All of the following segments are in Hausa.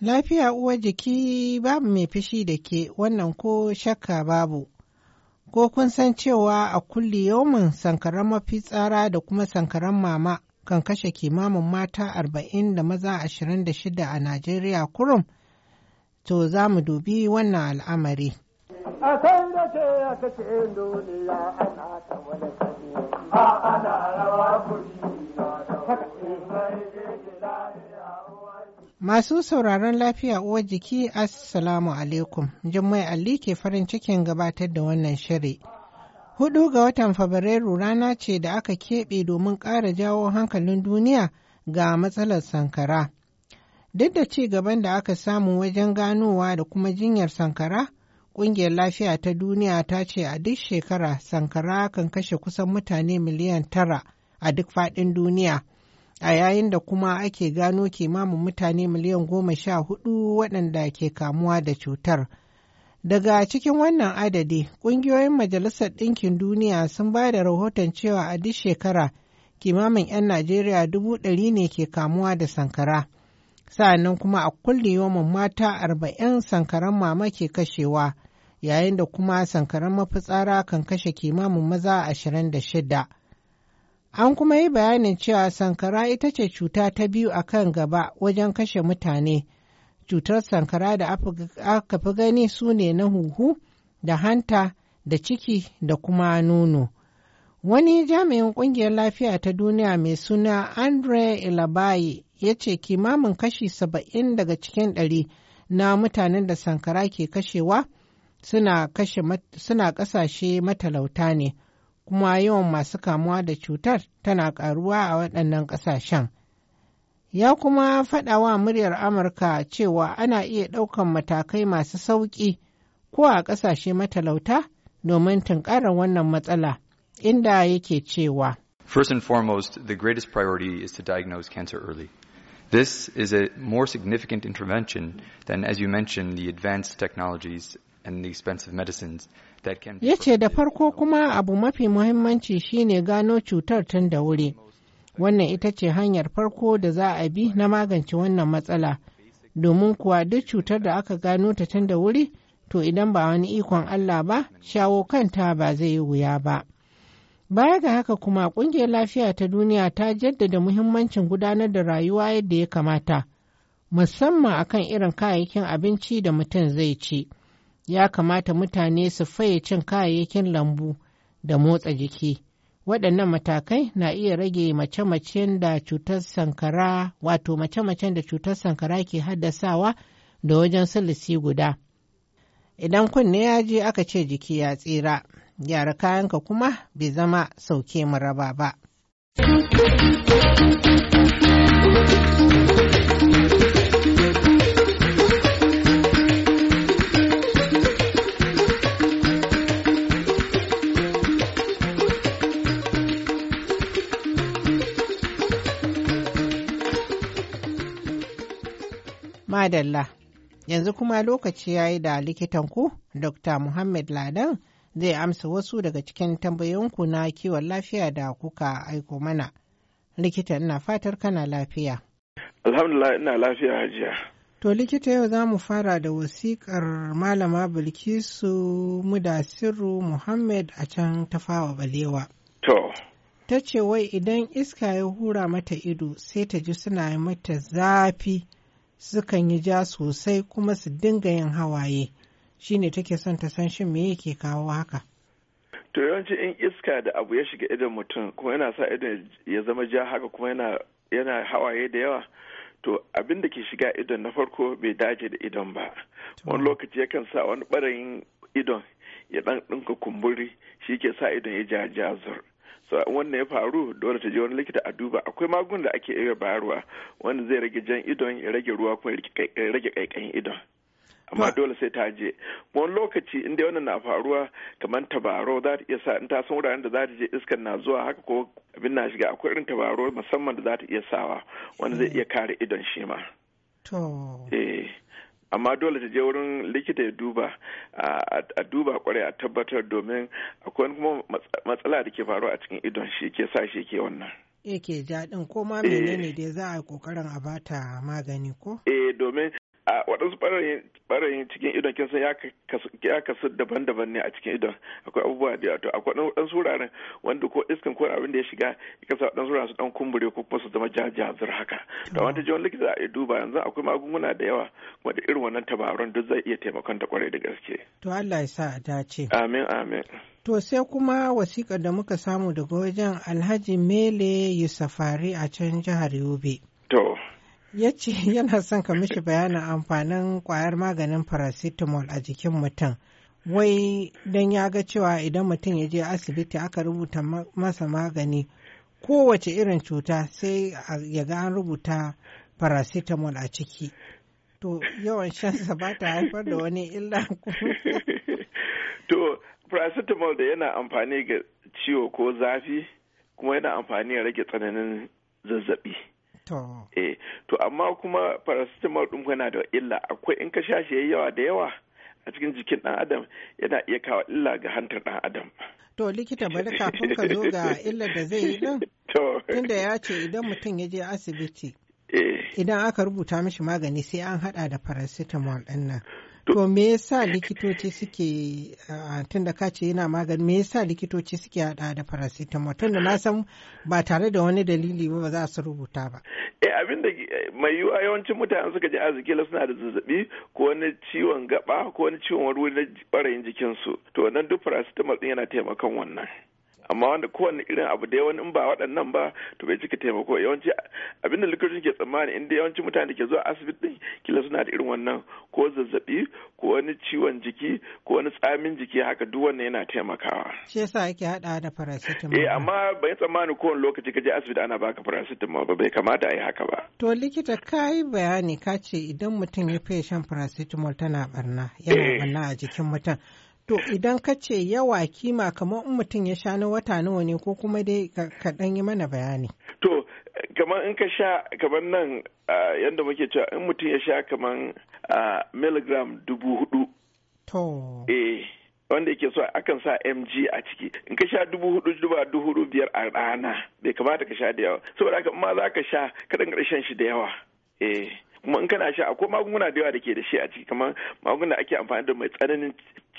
Lafiya uwar jiki babu mai fishi da ke wannan ko shakka babu. Ko kun san cewa a kulli yawon sankaran tsara da kuma sankaran mama kan kashe kimamin mata arba'in da maza ashirin da shida a Najeriya kurum? To za mu dubi wannan al'amari. Masu sauraron lafiya uwar jiki Assalamu alaikum, Jummai Ali ke farin cikin gabatar da wannan shiri. Hudu ga watan Fabrairu rana ce da aka keɓe domin ƙara jawo hankalin duniya ga matsalar sankara. Duk da ci gaban da aka samu wajen ganowa da kuma jinyar sankara, Ƙungiyar Lafiya ta Duniya ta ce a duk shekara sankara kan kashe kusan mutane miliyan tara a duk faɗin duniya, a yayin da kuma ake gano kimanin mutane miliyan goma sha hudu waɗanda ke kamuwa da cutar. Daga cikin wannan adadi, ƙungiyoyin Majalisar Ɗinkin Duniya sun ba da rahoton cewa a duk shekara kimamin 'yan Najeriya dubu ɗari ne ke kamuwa da sankara. Sa'annan kuma a kulle mata arba'in sankaran mama ke kashewa. yayin da kuma sankaran mafitsara kan kashe kimamin maza ashirin da shida. An kuma yi bayanin cewa sankara ita ce cuta ta biyu a kan gaba wajen kashe mutane. Cutar sankara da aka fi gani su ne na huhu da hanta da ciki da kuma nono. Wani jami'in ƙungiyar lafiya ta duniya mai suna Andre Ilabayi ya ce kimamin kashi saba'in daga cikin ɗari na mutanen da sankara ke kashewa suna ƙasashe matalauta ne kuma yawan masu kamuwa da cutar tana ƙaruwa a waɗannan ƙasashen. Ya kuma faɗa wa muryar Amurka cewa ana iya ɗaukan matakai masu sauƙi ko a ƙasashe matalauta domin tunƙara wannan matsala, inda yake cewa. First and foremost, the greatest priority is to diagnose cancer early. This is a more significant intervention than, as you mentioned, the advanced technologies Ya ce da farko kuma abu mafi muhimmanci shine gano cutar tun da wuri. Wannan ita ce hanyar farko da za a bi na magance wannan matsala. Domin kuwa duk cutar da aka gano ta tun da wuri, to idan ba wani ikon Allah ba, shawo kanta ba zai yi wuya ba. Baya ga haka kuma ƙungiyar lafiya ta duniya ta jaddada muhimmancin gudanar da rayuwa yadda ya kamata, musamman akan irin kayayyakin abinci da mutum zai ci. ya kamata mutane su faye cin kayayyakin lambu da motsa jiki. Waɗannan matakai na iya rage mace-macen da cutar sankara wato mace-macen da cutar sankara ke haddasawa da wajen sulisi guda. Idan kunne ya je aka ce jiki ya tsira, gyara kayanka kuma bai zama sauke maraba ba. Madalla, yanzu kuma lokaci ya yi da likitan ku, Dr. Muhammad Ladan zai amsa wasu daga cikin tambayoyinku na kiwon lafiya da kuka aiko mana. Likita ina fatar kana lafiya. Alhamdulillah ina lafiya hajiya. To likita yau za mu fara da wasiƙar Malama Bilkisu Mudasiru Muhammad a can tafawa balewa. To. Ta ce wai idan iska ya hura mata ido sai ta ji suna mata zafi sukan yi ja sosai kuma su dinga yin hawaye shi ne take son ta san shin me yake kawo haka to yawanci in iska da abu ya shiga idan mutum kuma yana sa idan ya zama ja haka kuma yana hawaye da yawa to abin da ke shiga idon na farko bai dace da idon ba wani lokaci yakan sa wani barayin idon ya ɗan ɗinka kumburi shi ke sa idon ya ja jazur so wanda ya faru dole ta je wani likita a duba akwai magun da ake iya bayarwa wanda zai rage jan idon ya rage ruwa kuma ya rage kaikayin idon amma dole sai ta je wani lokaci inda wannan na faruwa kamar tabaro za ta iya sa in ta san wuraren da za ta je iskan na zuwa haka ko abin na shiga akwai irin tabaro musamman da za ta iya sawa wanda zai mm. iya kare idon shi ma. To. Eh. amma dole ta je wurin likita ya duba a duba kwarai a tabbatar domin akwai kuma matsala da ke faruwa a cikin idon shi ke sa shi ke wannan yake ke jaɗin ko ma menene eh. da za a kokarin a bata magani ko eh domin a waɗansu ɓarayin cikin idon kin san ya kasu daban-daban ne a cikin idon akwai abubuwa da yato akwai waɗansu wuraren wanda ko iskan ko abin da ya shiga ya kasa waɗansu wuraren su ɗan kumbure ko kuma su zama jajazar haka da wanda jiwon likita a duba yanzu akwai magunguna da yawa kuma da irin wannan tabarun duk zai iya taimakon ta kwarai da gaske. to Allah ya sa a dace. amin amin. to sai kuma wasiƙar da muka samu daga wajen alhaji mele yusafari a can jihar yobe. ya ce yana son ka mishi bayanin amfanin kwayar maganin paracetamol a jikin mutum wai don ya ga cewa idan mutum ya je asibiti aka rubuta masa magani kowace irin cuta sai ya ga an rubuta paracetamol a ciki to yawan shan ba ta haifar da wani illa to paracetamol da yana amfani ga ciwo ko zafi kuma yana amfani rage tsananin zazzabi. eh to amma kuma paracetamol ɗin yana da illa akwai in ka sha shi yawa da yawa a cikin jikin ɗan adam yana iya kawo illa ga hantar ɗan adam to likita bari kafin ka zo ga illar da zai yi din tunda ya ce idan mutum ya je asibiti eh. idan aka rubuta mishi magani sai an haɗa da paracetamol ɗin nan To me yasa eh, likitoci suke tun da kace yana magani me yasa likitoci suke hada da paracetamol tun da na san ba tare da wani dalili ba ba za su rubuta ba. Eh abin da eh, mai yiwuwa yawancin mutane suka ji arziki la suna da zazzabi ko wani ciwon gaba ko wani ciwon wani na barayin jikinsu to wannan duk paracetamol din yana taimakon wannan. amma wanda kowanne irin abu da yawan in ba waɗannan ba to bai cika taimako yawanci abinda likitocin ke tsammani inda yawanci mutane ke zuwa asibiti kila suna da irin wannan ko zazzabi ko wani ciwon jiki ko wani tsamin jiki haka duk wannan yana taimakawa shi yasa ake hada da paracetamol eh amma bai tsammani kowane lokaci ka je asibiti ana baka paracetamol ba bai kamata a yi haka ba to likita kai bayani ka ce idan mutum ya fiye shan paracetamol tana barna yana barna eh. a jikin mutum To idan ka ce yawa kima kamar in mutum ya sha na wata nawa ne ko kuma dai ka ɗan yi mana bayani. To kamar in ka sha kamar nan yadda muke cewa in mutum ya sha kamar milligram dubu hudu. To. Eh wanda yake so akan sa mg a ciki in ka sha dubu hudu zuwa dubu hudu biyar a rana bai kamata ka sha da yawa saboda haka ma za ka sha ka dinga shan shi da yawa eh kuma in kana sha akwai magunguna da yawa da ke da shi a ciki kamar magunguna ake amfani da mai tsananin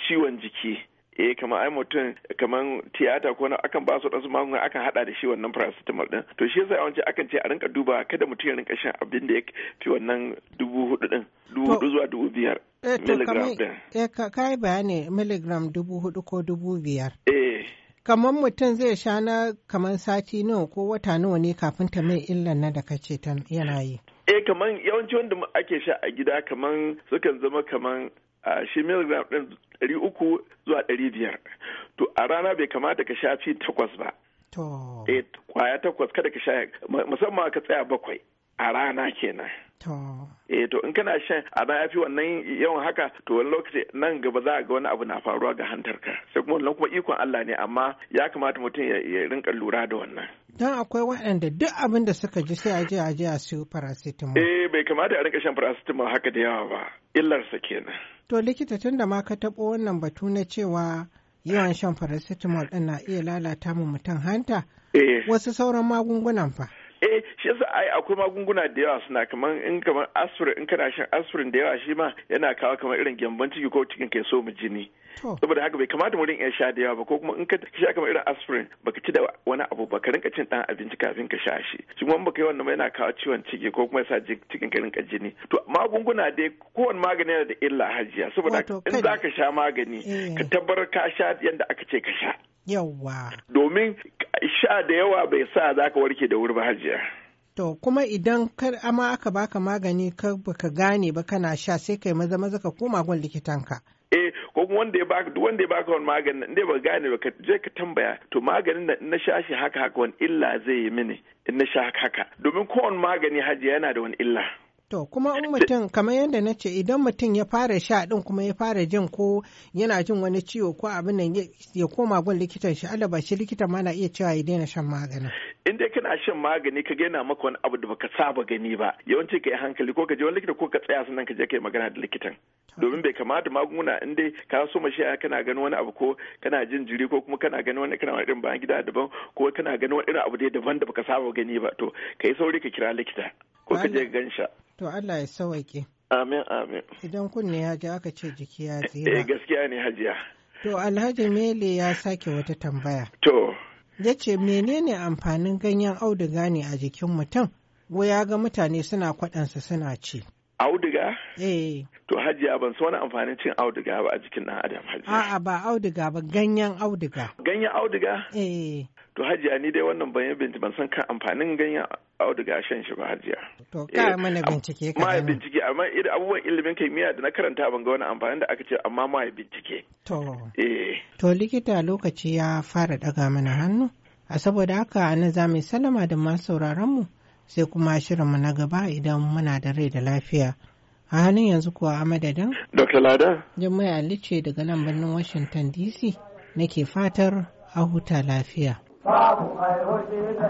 ciwon jiki eh kamar ai mutum kamar tiyata ko akan ba su ɗansu magunguna akan hada da shi wannan paracetamol din to shi yasa yawanci akan ce a rinka duba kada mutum ya rinka shan abin da ya fi wannan dubu hudu din dubu hudu zuwa dubu biyar eh, milligram din eh ka kai bayani milligram dubu hudu ko dubu biyar eh kamar mutum zai sha na kamar sati nawa ko wata nawa ne kafin ta mai illan na da kace ta yana yi eh kaman yawanci wanda ake sha a gida kaman sukan zama kaman a shi miligram ɗin ɗari uku zuwa ɗari biyar to a rana bai kamata ka sha fi takwas ba eh kwaya takwas kada ka sha musamman ka tsaya bakwai a rana kenan. Eh to in kana shan a ya fi wannan yawan haka to wani lokaci nan gaba za a ga wani abu na faruwa ga hantarka sai kuma wannan kuma ikon Allah ne amma ya kamata mutum ya rinka lura da wannan. Dan akwai waɗanda duk abin da suka ji sai a je a je a siyo paracetamol. Eh bai kamata a rinka shan paracetamol haka da yawa ba illarsa kenan. To likita tun da ma ka taɓo wannan batu na cewa yawan shan paracetamol ɗin na iya lalata mu mutum hanta. Eh. Wasu sauran magungunan fa. eh shi yasa ai akwai magunguna da yawa suna kamar in kamar aspirin in kana shan aspirin da yawa shi ma yana kawo kamar irin gyamban ciki ko cikin kai so mu jini saboda haka bai kamata mu rinka sha da yawa ba ko kuma in ka sha kamar irin aspirin baka ci da wani abu ba ka rinka cin dan abinci kafin ka sha shi shi kuma baka yi wannan ba yana kawo ciwon ciki ko kuma sa cikin ka rinka jini to magunguna dai kowane magani yana da illa hajiya saboda in za ka sha magani eh. ka tabbatar ka sha yadda aka ce ka sha Yawwa. Domin sha da yawa bai sa za ka warke da wuri ba hajiya. To kuma idan kar ama aka baka magani ka baka gane ba kana sha sai kai maza maza ka koma gwal likitanka. Eh ko kuma wanda ya baka duk wanda ya baka wani magani inda ba gane ba ka je ka tambaya to maganin da na sha shi haka haka wani illa zai yi mini in na sha haka haka domin kowane magani hajiya yana da wani illa. To kuma in mutum kamar yadda na ce idan mutum ya fara sha din kuma ya fara jin ko yana jin wani ciwo ko abin nan ya koma gun likitan shi ba shi likita ma na iya cewa ya daina shan magani In dai kana shan magani ka yana maka wani abu da baka saba gani ba yawanci ka yi hankali ko ka je wani likita ko ka tsaya sannan ka je ka yi magana da likitan. Domin bai kamata magunguna in dai ka so shi kana gani wani abu ko kana jin jiri ko kuma kana gani wani kana irin bayan gida daban ko kana gani wani irin abu dai daban da baka saba gani ba to ka yi sauri ka kira likita ko ka je gansha. To Allah ya sawaƙe. Amin amin. Idan kunne ya ji aka ce jiki ya tsira. Eh gaskiya ne hajiya. To Alhaji Mele ya sake wata tambaya. To. Ya ce menene amfanin ganyen auduga ne a jikin mutum? Wai ya ga mutane suna kwaɗansa suna ci. Auduga? Eh. To hajiya ban so wani amfanin cin auduga ba a jikin ɗan adam hajiya. A'a ba auduga ba ganyen auduga. Ganyen auduga? Eh. To hajiya ni dai wannan ban ban san kan amfanin ganyen auduga shan shi ba hajiya. To yi eh, mana bincike ka Ma bincike amma idan abubuwan ilimin miya da na karanta ban ga wani amfani da aka ce amma ma bincike. To. Eh. To likita lokaci ya fara daga mana hannu. A saboda haka ana za mu salama da masu sauraron mu sai kuma shirinmu na gaba idan muna da rai da lafiya. A hannun yanzu kuwa a madadin? Dr. Lada. Jummai Ali ce daga nan birnin Washington DC nake fatar a huta lafiya. Babu ai hoje da